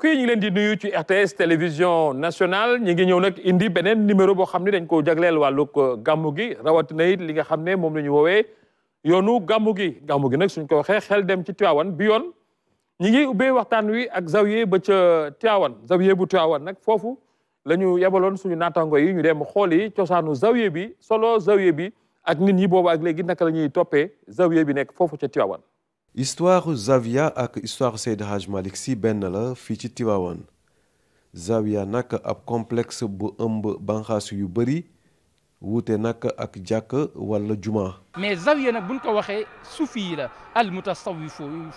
mbokk yi ñu ngi leen di nuyu ci RTS télévision nationale ñu ngi ñëw nag indi beneen numéro boo xam ne dañ ko jagleel wàllug euh, gàmmu gi rawatina it li nga xam ne moom la ñu woowee yoonu gàmmu gi gàmmu gi nag suñ ko waxee xel dem ci Tiwaawan bi yoon ñu ngi ubbee waxtaan wi ak zawiye ba ca Tiwaawan zawiye bu Tiwaawan nag foofu la ñu yebaloon suñu naataango yi ñu dem xool yi cosaanu zawiye bi solo zawiye bi ak nit ñi boobu ak léegi naka la ñuy toppee zawiye bi nekk foofu ca Tiwaawan histoire Zawiya ak histoire Seydi haj malik si benn la fii ci Tivaouane Zawiya nag ab complexe bu ëmb banxaas yu bëri wuute nag ak jàkk wala juma. mais Zawiya nag buñ ko waxee sufi la al mutasawifuun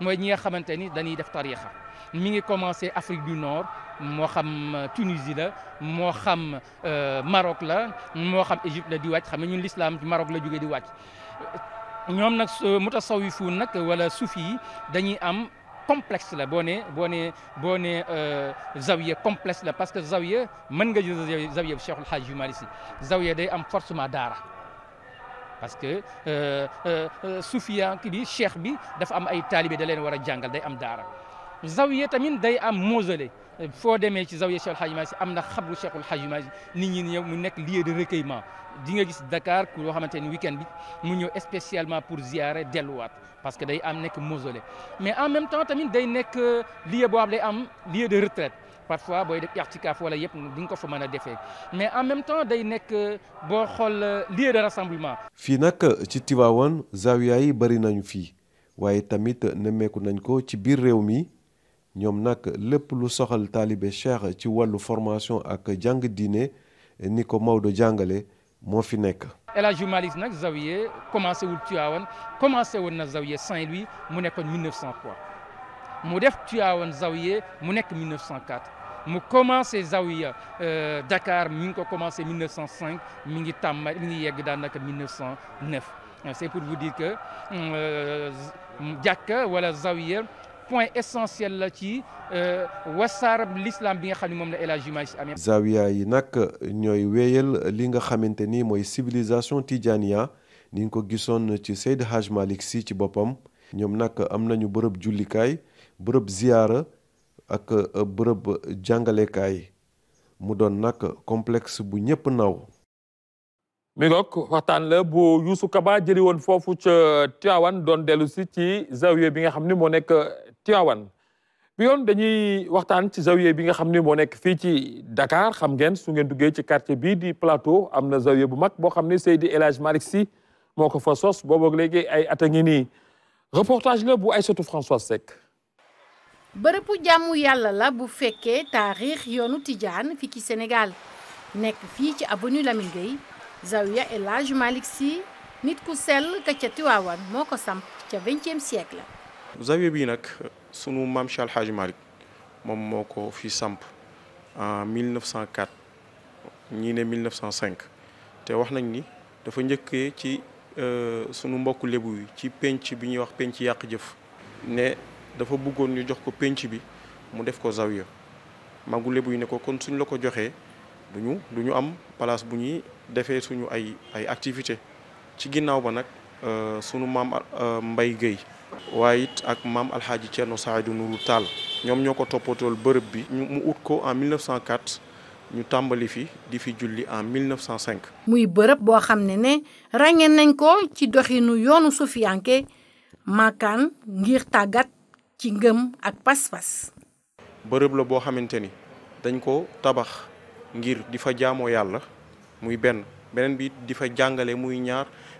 mooy ñi nga xamante ni dañuy def tariixa mi ngi commencé Afrique du Nord moo xam Tunisie la moo xam Maroc la moo xam Égypte la di wàcc xam ñun l'islam Maroc la jógee di wàcc. ñoom nag mutasawifuun nag wala sufi yi dañuy am complexe la boo ne boo nee boo nee euh, zawiya complexe la parce que zawiya mën nga jël zawiya bi Cheikhul Hadj Malick Sy zawiya day am forcément daara parce que euh, euh, sufiya ki bi cheikh bi dafa am ay taalibe da leen war a jàngal day am daara zawiya tamit day am mausolée foo demee ci zawiya Cheikh Alhaji si am na xabru Cheikh Alhaji Malick nit ñi ñëw mu nekk lieu de recueillement di nga gis Dakar ku yoo xamante ni week-end bi mu ñëw spécialement pour ziyaare delluwaat parce que day am nekk mausolée mais en même temps tamit day nekk euh, lieu boo xam day am lieu de retraite parfois booy def i'tikaaf wala yëpp di nga ko fa mën a defee mais en même temps day nekk euh, boo xool euh, lieu de rassemblement. fii nag ci Tivaouane zawiya yi bari nañu fii waaye tamit nemmeeku nañ ko ci biir réew mi. ñom nak lepp lu soxal talibé cheikh ci walu formation ak jang diné ni ko Maodo jangalé mo fi nek El Hadj Malick nag Zawiye commencé wul Tivaouane commencé won na Xavier. Saint-Louis mu nekkoon 1903 mu def Tivaouane Xavier. mu nek 1904. mu commencé Zawiya euh, Dakar mi ngi ko commencé 1905 mi ngi tàmma mi ngi yegg nak 1909 c'est pour vous dire que euh, jàkka wala Zawiya point essentiel la ci euh, wasaarab l'islam bi nga xamni mom la El Hadji Malick amee. zawiya yi nag ñooy wéyal li nga xamanteni ni civilisation tidiania ni ñu ko gisoon ci seyd Hadj malik si ci bopam ñom nak am nañu bërëb jullikaay bërëb ziyara ak bërëb jàngalekaay mu don nak complexe bu ñëpp naw. mi ngoog waxtaan la bu Youssou Kaba jëri woon foofu ca tiawan doon dellu si ci zawiya bi nga xam ne moo nekk Tivaouane bi yoon dañuy waxtaan ci zawiye bi nga xam ni moo nekk fii ci dakaar xam ngeen su ngeen duggee ci quartier bii di Plateau am na zawiye bu mag boo xam ni Seydi di élage Malick moo ko fa soos booboog léegi ay at a ngi nii reportage la bu Aïssatou François Seck bërëbu jàmmu yàlla la bu fekkee taarix yoonu tijaan fii ci Sénégal nekk fii ci avenue Lamine Gueye zawiya El Hadj Malick Sy nit ku sell ka ca Tiwaawan moo ko samp ca vingtième siècle zawiya bi nag sunu Mam Cheikh Al Hadj Malick moko moo fi samp en 1904 ni ne 1905 te wax nañ ni dafa ñëkke ci euh sunu mbokku lebu yi ci penc bi ñuy wax penc yàq jëf né dafa bëggoon ñu jox ko penc bi mu def ko zawiya magu lebu yi ne ko kon suñu la ko joxee duñu du am place bu ñuy defee suñu ay ay activité ci ginnaw ba nak nag euh, sunu maam euh, Mbay Guèye waaye it ak maam alxaaji Thierno Saïdou Nourou Tall ñoom ñoo ko toppatool bërëb bi mu ut ko en 1904 ñu tàmbali fi di fi julli en 1905. muy bërëb boo xam ne ne ràññee nañ ko ci doxinu yoonu sufiyanke maakaan ngir tàggat ci ngëm ak pas-pas. bërëb la boo xamante ni dañ ko tabax ngir di fa jaamoo yàlla muy benn beneen bi di fa jàngale muy ñaar.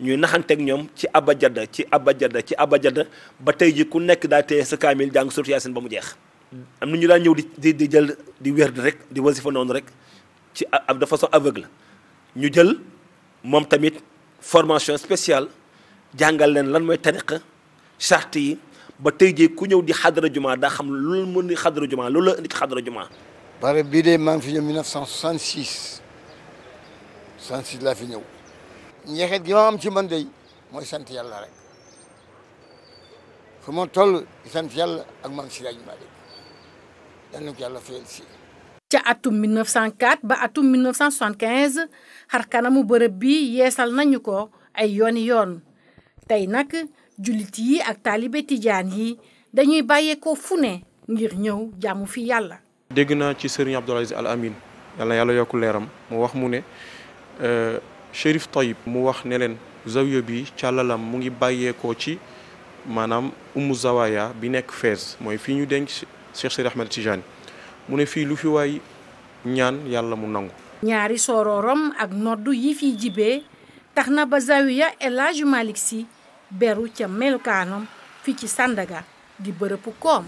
ñuy naxanteeg ñoom ci a abajada ci abajada ci abajada ba tey ji ku nekk daa téye sa kaamil jàng surtout yaasin ba mu jeex am na ñu daan ñëw di di jël di werd rek di wasifa noonu rek ci ab de façon aveugle ñu jël moom tamit formation spécial jàngal leen lan mooy tariqa charte yi ba tey jii ku ñëw di xadara juma daa xam loolu mën di xadara juma loolu la indi ci xadara juma. bare bii de maa ngi fi ñëw 1966 66 laa fi ñëw. njeexit gi ma am ci man day mooy sant yàlla rek fu ma toll sant yàlla ak maam si rajo Malick yal na ko yàlla fayal si. ca atum ba atum 1975 bërëb bi yeesal nañu ko ay yooni yoon tey nag jullit yi ak taalibe tijaan yi dañuy bàyyeekoo fu ne ngir ñëw jàmm fi yàlla. dégg naa ci sëriñ Abdoul Aziz Al Amin yàlla yokk leeram mu wax mu ne. Euh, Chérif Tayib mu wax ne leen zawiya bi càllalam mu ngi bàyyeekoo ci maanaam umu zawaya bi nekk Fès mooy fii ñu denc Cheikh Seydi Ahmed Tijani mu ne fii lu fi waay ñaan yàlla mu nangu. ñaari soroorom ak noddu yi fiy jibee tax na ba zawiya El Hadj Malick Sy beru ca melukaanam fi ci Sandaga di bërëbu koom.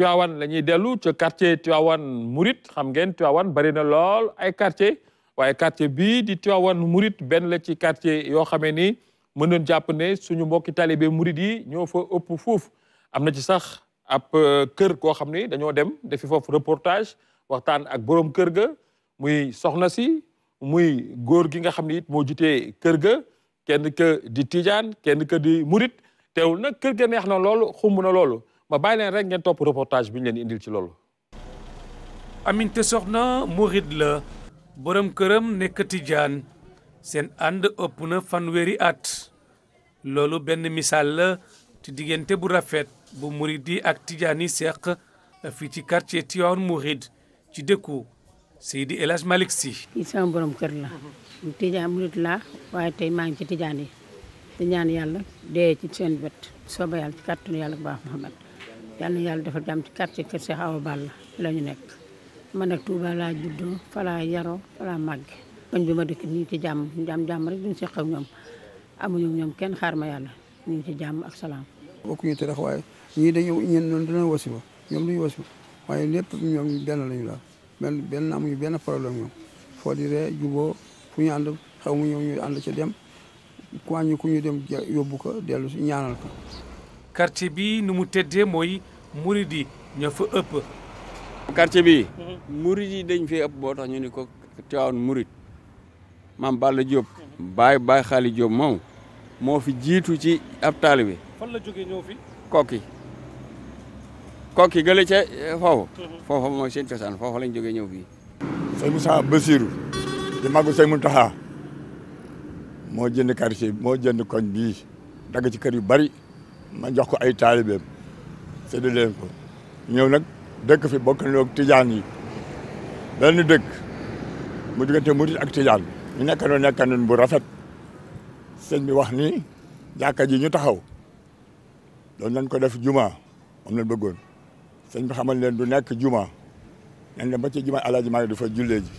Tivaouane la ñuy dellu ca quartier Tivaouane murit xam ngeen Tivaouane bari na lool ay quartier waaye quartier bii di Tivaouane Mouride benn la ci quartier yoo xamee ni mën nañ jàpp ne suñu mbokki talibé murit yi ñoo fa ëpp foofu am na ci sax ab euh, kër koo xam ni dañoo dem defi foofu reportage waxtaan ak borom kër ga muy soxna si muy góor gi nga xam ni it moo kër ga kenn ka di Tijaan kenn ka di murit teewul nag kër ga neex na lool xumb na loolu ma bay leen rek ngeen top reportage biñ ñu leen indil ci loolu. Aminata Soxna murid la borom kërëm nekk tijaan sen and ëpp na at lolu benn misal la ci diggante bu rafet bu mourid di ak tijaan yi fi ci quartier Tivaouane mourid ci dekkou Seydi El malik si ci sama borom kër la. mu mourid murid waye tay ma ngi ci tijaan di ñaan yàlla dee ci seen bët soobee ci kàttanu yàlla bu baax yàlla yàlla dafa jàmm ci quartier kër Cheikh Awa Balla la ñu nekk man nag Touba laa juddoo fa laa yaroo fa laa màgge koñ bi ma dëkk ñu ngi ci jàmm jàmm jàmm rek duñ seex ak ñoom amuñu ñoom kenn xaar ma yàlla ñu ngi ci jàmm ak salaam. bokkuñu te waaye ñii dañoo ñenn ñoom dina wasifa ñoom duñu wasifa waaye lépp ñoom benn lañu la benn benn amuñu benn problème ñoom foo di ree juboo fu ñu ànd xaw ma ñoom ñu ànd ca dem ku wàññi ku ñu dem yóbbu ko dellu si ñaanal ko. quartier bii nu mu tëddee mooy murid yi ñoo fa ëpp. quartier bi murid mhm. yi dañ fee ëpp boo tax ni ko Tivaouane murid maam Balla Diop. baay baay xaali Diop moom moo fi jiitu ci ab taalibi fan la jógee kokki kokki gële ca eh, foofu. Mhm. foofu mooy seen cosaan foofu lañ jógee ñëw fii. sëñ Moussa Bassirou di magu sëñ Mountakha moo jënd quartier moo jënd koñ bii dagg ci bari. ma jox ko ay taalibeem sedd leen ko ñëw nag dëkk fi bokk nañoo ak tijaan yi benn dëkk mu diggante murit ak tijaan ñu nekkandoo nekkandoo bu rafet sëñ bi wax ni jàkka ji ñu taxaw doon nañ ko def jumaa moom lañ bëggoon sëñ bi xamal leen du nekk juma nañ dem ba ci juma alaaji du fa dafa jullee ji.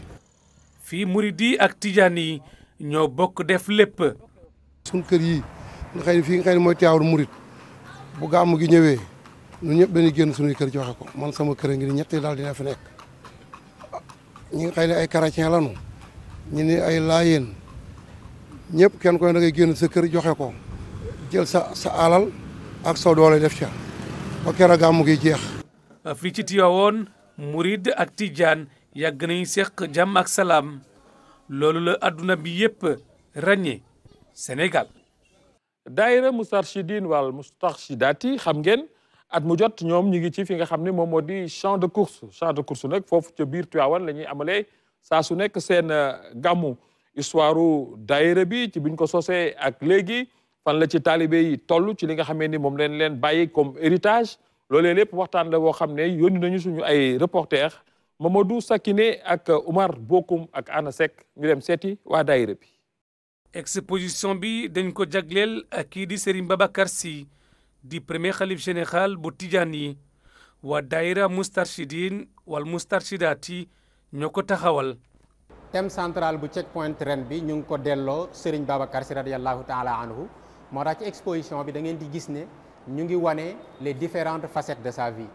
fii murit yi ak tijaan yi ñoo bokk def lépp. suñ kër yi nga xëy fii nga xëy mooy teewul murit bu gamu gi ñëwé ñu ñëpp dañu gën suñu kër joxe ko man sama kër ngi ni ñetti daal dina fi nek ñi nga xayna ay karatien lañu ñi ni ay layen ñëpp kën koy ngay sa kër joxé ko jël sa sa alal ak so doole def ci ba kër gamu gi jeex. Ah, fi ci tiyawon mourid ak Tidiane yag nañu seq jam ak salam lolu la aduna bi yépp ragné Sénégal. daayira Moustarchidine wal Moustarchidati xam ngeen at mu jot ñoom ñu ngi ci fi nga xam ne moom moo di champ de course champ de course nag foofu ca biir Tivaouane la ñuy amalee saa su nekk seen euh, gàmmu histoire daayira bi ci biñ ko sosee ak léegi fan la ci taalibe yi toll ci li nga xamee ni moom leen leen bàyyi comme héritage loolee lépp waxtaan la woo xam ne yónni nañu suñu ay reporter Mamadou sakine ak Oumar Bokoum ak Anna Seck ñu dem seeti waa daayira bi exposition bi dañ ko jagleel ak eh, kii di Serigne Babacar Sy di premier xalif général bu tijaan yi waa daayira Moustarchidine wal Moustarchidaat yi ñoo ko taxawal. thème central bu checkpoint ren bi ñu ngi ko delloo Serigne Babacar Sy radiyallahu taala anhu moo tax ci exposition bi da ngeen di gis ne ñu ngi wane les différentes facettes de sa vie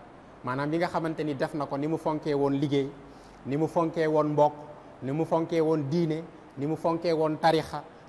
maanaam li nga xamante ni def na ko ni mu fonkee woon liggéey ni mu fonkee woon mbokk ni mu fonkee woon diine ni mu fonkee woon tarixa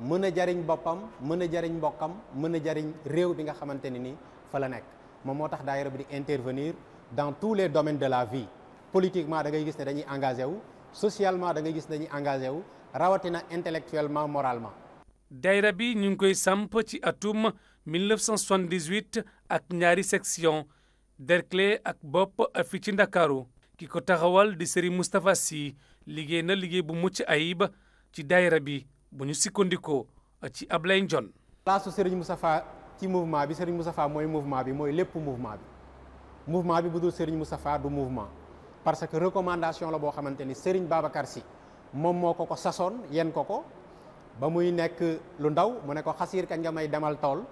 mëna jariñ bopam mëna jariñ mbokam mëna jariñ réew bi nga xamanteni ni fa la nek moom motax daayira bi di intervenir dans tous les domaines de la vie politiquement da ngay gis ne dañuy engagé wu socialement da ngay gis dañuy engagé wu rawatina intellectuellement moralement daayira bi ñu ngi koy samp ci atum 1978 ak ñaari section derclé ak bop afi ci dakaru kiko taxawal di Serigne mustapha si liggéey na liggéey bu mucc ayib ci daayira bi bu ñu sikkandikoo euh, ci Ablaye Ndione. place Serigne Moustapha ci mouvement bi Serigne Moustapha mooy mouvement bi mooy lépp mouvement bi mouvement bi bu dul Serigne Moustapha du mouvement parce que recommandation la boo xamante ni Serigne Babacar si moom moo ko ko sasoon yen ko ko ba muy nekk lu ndaw mu ne ko xasiir kañ nga may demal tool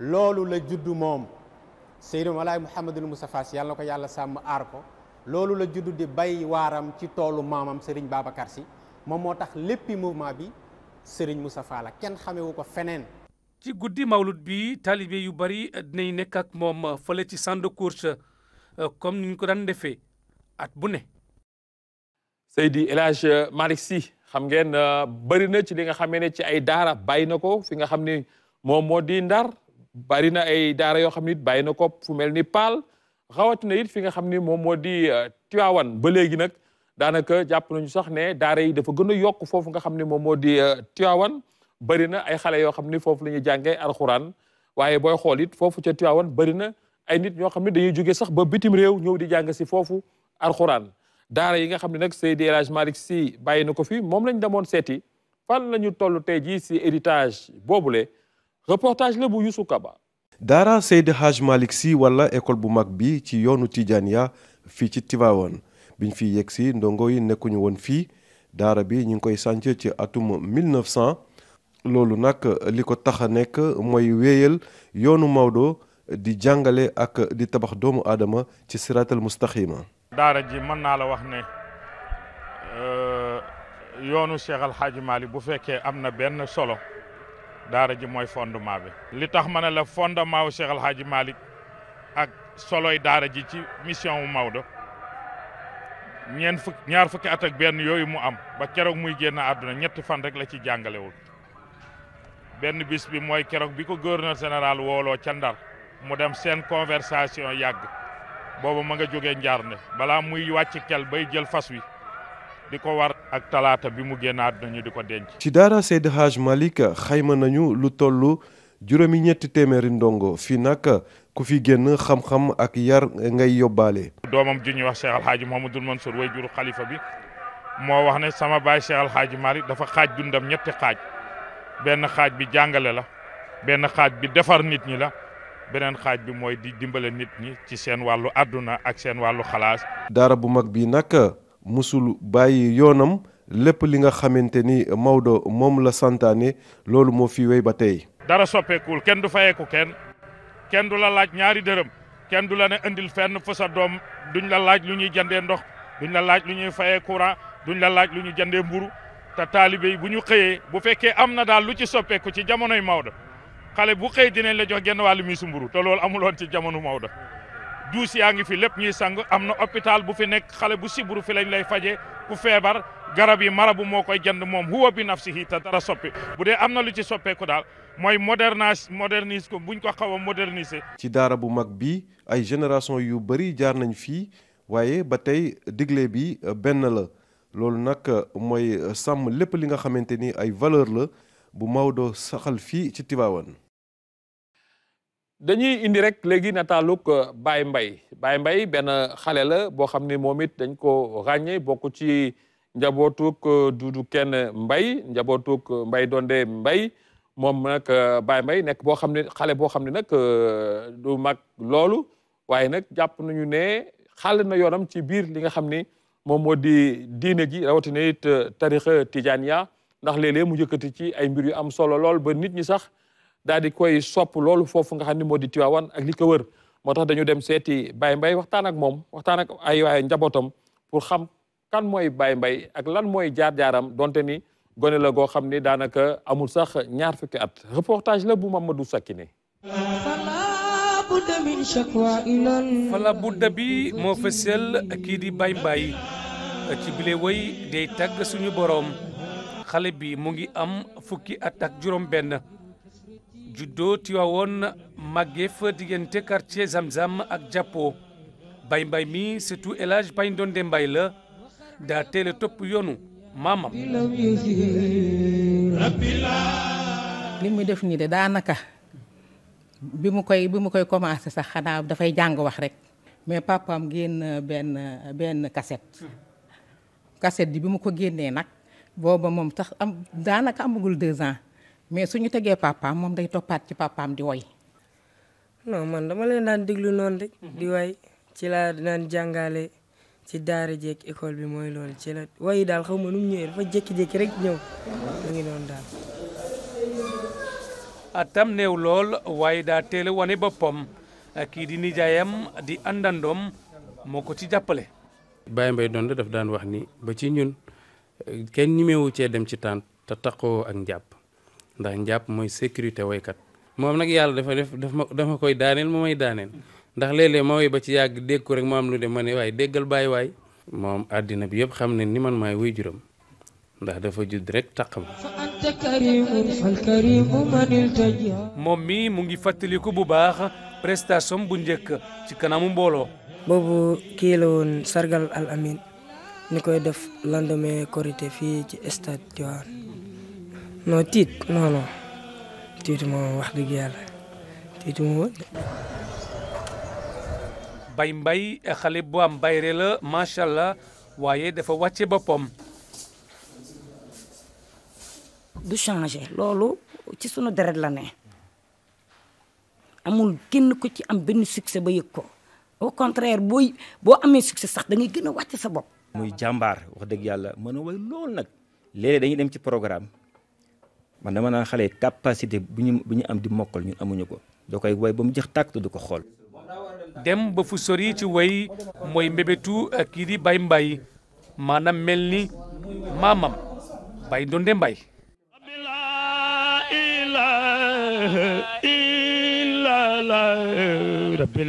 loolu la juddu moom Seydou Malaay Mouhamadul Moustapha Sy yàlla na ko yàlla sàmm aar ko loolu la juddu di bay waaram ci toolu maamam Serigne Babacar Sy moom bi. Serigne Moustapha la kenn xamewu ko feneen. ci guddi mawlud bi taalibe yu bari dinañ nekk ak moom fële ci champ de course comme ni ñu ko daan defee at bu ne. Seydi El Hadj Malick Sy xam ngeen bari na ci li nga xamee ne ci ay daara bàyyi na ko fi nga xam ni moom moo di ndar bari na ay daara yoo xam ni bàyyi na ko fu mel ni Paal rawatina it fi nga xam ni moom moo di uh, Tiwaawan ba léegi nag. daanaka jàpp nañu sax ne daara yi dafa gën a yokk foofu nga xam ne moom moo di euh, Tiwaawan bëri na ay xale yoo xam ne foofu la ñuy jàngee alxuraan waaye booy xool it foofu ca Tiwaawan bëri na ay nit ñoo xam ne dañuy jógee sax ba bitim réew ñëw di jàng si foofu alxuraan daara yi nga xam ne nag Seydi El Hadji Malick Sy bàyyi na ko fi moom lañ demoon seeti fan la ñu toll tey jii si héritage boobule reportage la bu Youssou Kaba. daara Seydi Hadji Malick Sy wala école bu mag bi ci yoonu Tidiane ya fii ci Tiwaawan biñ fi yegg si ndongo yi nekkuñu woon fii daara bi ñu ngi koy sànc ci atum 1900 loolu nag li ko tax a nekk mooy wéyal yoonu Maodo di jàngale ak di tabax doomu aadama ci siraatal mustaxima daara ji mën naa la wax ne euh, yoonu Cheikh xaaju Hadj bu fekkee am na benn solo daara ji mooy fondement bi li tax ma ne la fondement wu Cheikh Al Hadj Malick ak soloy daara ji ci mission wu Maodo ñen fuk ñaar fukki at ak ben yoy mu am ba kérok muy génn aduna ñetti fan rek la ci jàngale wul ben bis bi moy kérok bi ko gouverneur général wolo ci ndar mu dem sen conversation yag bobu ma nga joggé njaar ne bala muy wacc kel bay jël fas wi di war ak talata bi mu génn aduna ñu di denc ci dara seyd Haj Malik xayma nañu lu tollu juróomi ñetti téméri ndongo fi nak ku fi génn xam-xam ak yar ngay yóbbaale. doomam ju ñuy wax Cheikh Alhaaji Mouhamadul Mansour way juru xalifa bi moo wax ne sama baay Cheikh Alhaaji Malick dafa xaaj dundam ñetti xaaj benn xaaj bi jàngale la benn xaaj bi defar nit ñi la beneen xaaj bi mooy di dimbale nit ñi ci seen wàllu àdduna ak seen wàllu xalaas. daara bu mag bii nag musul bàyyi yoonam lépp li nga xamante ni Maodo moom la santaane loolu moo fi wéy ba tey. dara soppeekul kenn du fayeeku kenn du la laaj ñaari dërëm kenn du la ne indil fenn fu sa doom duñu la laaj lu ñuy jëndee ndox duñ la laaj lu ñuy fayee courant duñu la laaj lu ñu jëndee mburu te taalibe yi bu ñu xëyee bu fekkee am na daal lu ci soppeeku ci jamonoy Maodo xale bu xëy dinañ la jox genn wàllu miisu mburu te loolu amuloon ci jamono Maodo duus yaa ngi fi lépp ñuy sang am na hôpital bu fi nekk xale bu siburu fi lañ lay faje ku feebar garab yi marabu moo koy jënd moom huwa bi nafsihi te dara soppi bu dee am na lu ci soppeeku daal mooy modernisme modernise ko buñ ko xaw a moderniser. ci daara bu mag bi ay génération yu bëri jaar nañ fii waaye ba tey digle bi euh, benn la loolu nag euh, mooy euh, sàmm lépp li nga xamante ni ay valeur la bu Maodo saxal fii ci Tivaouane. dañuy indi rek léegi nataaluk Baye Mbaye Baye Mbaye benn xale la boo xam ne moom it dañ ko ràññee bokk ci. njabootuk euh, Dudu Kenn Mbay njabootuk euh, Mbay Donde Mbay moom nag euh, Baye Mbay nekk boo xam ne xale boo xam ne nag du mag loolu waaye nag jàpp nañu ne xàll na yoonam ci biir li nga xam ni moom moo di diine gi rawatina it tarixa tijaaniya ndax léeg-léeg mu yëkkati ci ay mbir yu am solo lool ba nit ñi sax daal di koy sop loolu foofu nga xam ne moo di Tiwaawan ak li ko wër moo tax dañu dem seeti bay Mbay waxtaan ak moom ay waaye njabootam pour xam kan mooy Baye Mbaye ak lan mooy jaar-jaaram donte ni gone la goo xam ni daanaka amul sax ñaar fukki at reportage la bu Mamadou du fala budda bi moo fësal kii di Baye Mbaye ci bile woy day tàgg suñu boroom xale bi mu ngi am fukki at ak juróom benn juddoo Tiwaawoon màggee fa diggante quartier Zamzam ak jàppo Baye Mbaye mi surtout El Hadj Baye Ndonde Mbaye la daa teel a topp yoonu maamam li muy def nii de daanaka bi mu koy bi mu koy commencé sax xanaa dafay jàng wax rek mais papaam génn benn benn cassette cassette bi bi mu ko génnee nag booba moom tax am daanaka amagul deux ans mais suñu tegee papaam moom day toppaat ci papaam di woy non man dama leen daan déglu noonu rek di woy ci laa daan jàngale ci daare jeeg école bi mooy lool ci la waaye daal xaw ma nu mu ñëwee dafa jékki-jékki rek ñëw mu ngi doon daal. atam ah, néew lool waaye daa teel a wane boppam ah, kii di nijaayam di àndandoom moo ko ci jàppale. Baye Mbaye doon daf daan wax ni ba ci ñun kenn ñemewu cee dem ci tànt te taqoo ak njàpp ndax njàpp mooy sécurité waykat moom nag yàlla dafa def dafa koy daaneel mu may daaneel. ndax léeg-léeg ma ba ci yàgg dégg ko rek ma lu de ma ne waaye déggal baay waay moom àddina bi yëpp xam ne ni man maay wuy juram ndax dafa judd rek taqam moom mi mu ngi fàttaliku bu baax prestation bu njëkk ci kanamu mbooloo boobu kii la woon sargal al amin ñu koy def lendemain korité fii ci stade Tivaouane non tiit non non moom wax dëgg yàlla tiitu moom bay mbay eh, xale bu am bayre la macha allah waaye dafa wàcce boppam. du changé loolu ci sunu deret la ne amul kenn ko ci am benn succès ba yëg ko au contraire booy boo amee succès sax da ngay gën a wàcc sa bopp. muy jàmbaar wax dëgg yàlla mën a way loolu nag léeg dañuy dem ci programme man dama naan xale capacité bu ñu bu ñu am di mokkal ñu amuñu ko doo koy way ba mu jëx tàkk du ko xool. dem ba fu sori ci way mooy mbébétu eh, kii di Baye Mbaye maanaam mel ni maamam Baye Ndonde Mbaye rabbi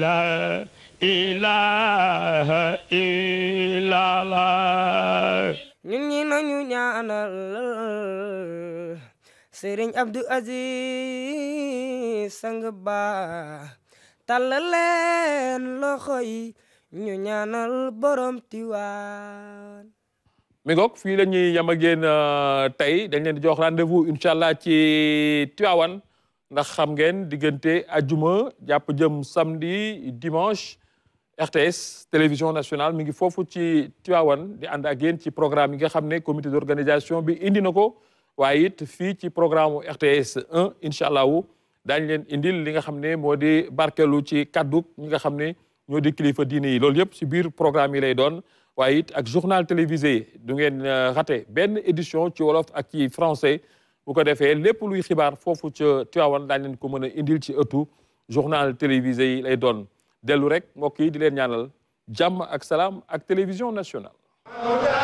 ñun ñi nañu ñaanal Serigne Abdou Aziz sang ba tàllal leen loxo yi ñu ñaanal borom Tiwaawan mi ngoog fii la ñuy yam ak yéen euh, tey dañ leen di jox rendez-vous incha allah ci Tiwaawan ndax xam ngeen diggante ajuma jàpp jëm samedi dimanche RTS télévision nationale mi ngi foofu ci Tiwaawan di ànd ak yéen ci programme yi nga xam ne comité d'organisation bi indi na ko waaye it fii ci programme RTS 1 incha allahu daañ leen indil li nga xam ne moo di barkeelu ci kaddu ñi nga xam ne ñoo di kilifa diine yi loolu yëpp si biir programme yi lay doon waaye it ak journal télévisé du ngeen euh, raté benn édition ci wolof ak ci français bu ko defee lépp luy xibaar foofu ca Tivaouane daañ leen ko mën a indil ci ëttu journal télévisé yi lay doon dellu rek mbokk yi di leen ñaanal jàmm ak salaam ak télévision nationale